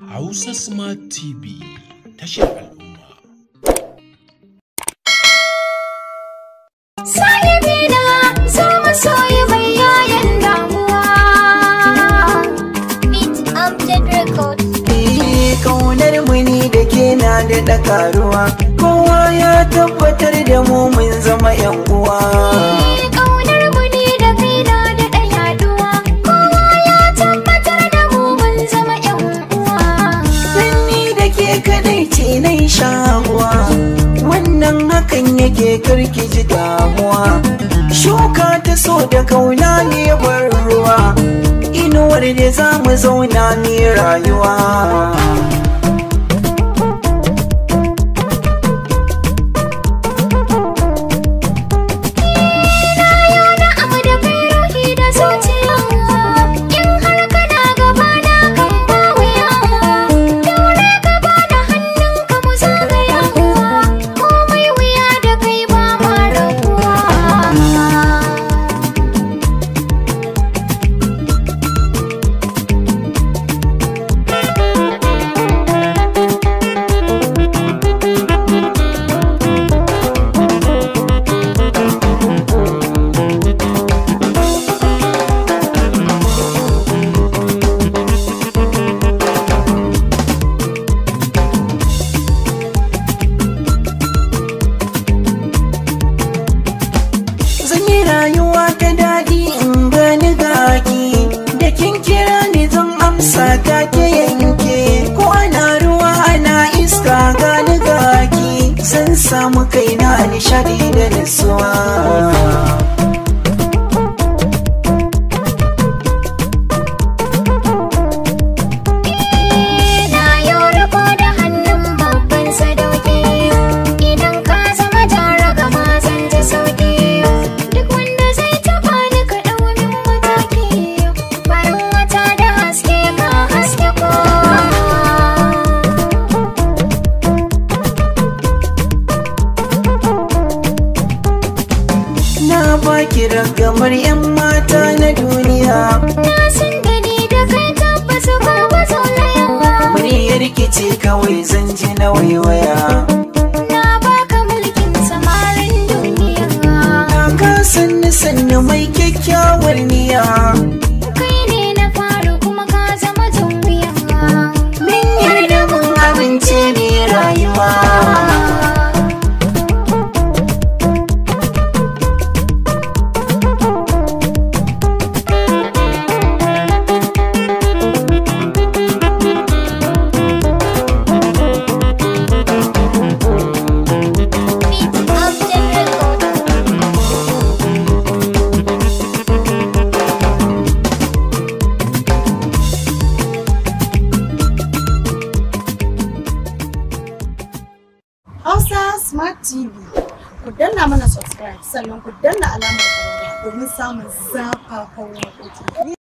Hausa Smart TV tashar al'umma. Salibina zama soyi mai yayan damuwa. Meet Amjad Record. Eh, kaunar mu ne da ke da daɗa karuwa, kowa ya tabbatar da mu mun zama 'yan uwa. takaici na shahuwa, wannan hakan yake karkiji damuwa shuka ta so da kauna ne bar ruwa inuwar da za mu zauna ne rayuwa kuma kaina nishadi da nutsuwa na ba baki ragamar 'yan mata na duniya na san gani da kai tabbas ba ba yawa muryar ce kawai zan ji na waiwaya na baka mulkin samarin duniya na ka sanni sanni mai kyakkyawar niya kai ne na kuma ka zama rayuwa TV. Ku danna mana subscribe sannan ku danna alamar domin samun zafafan waƙoƙi.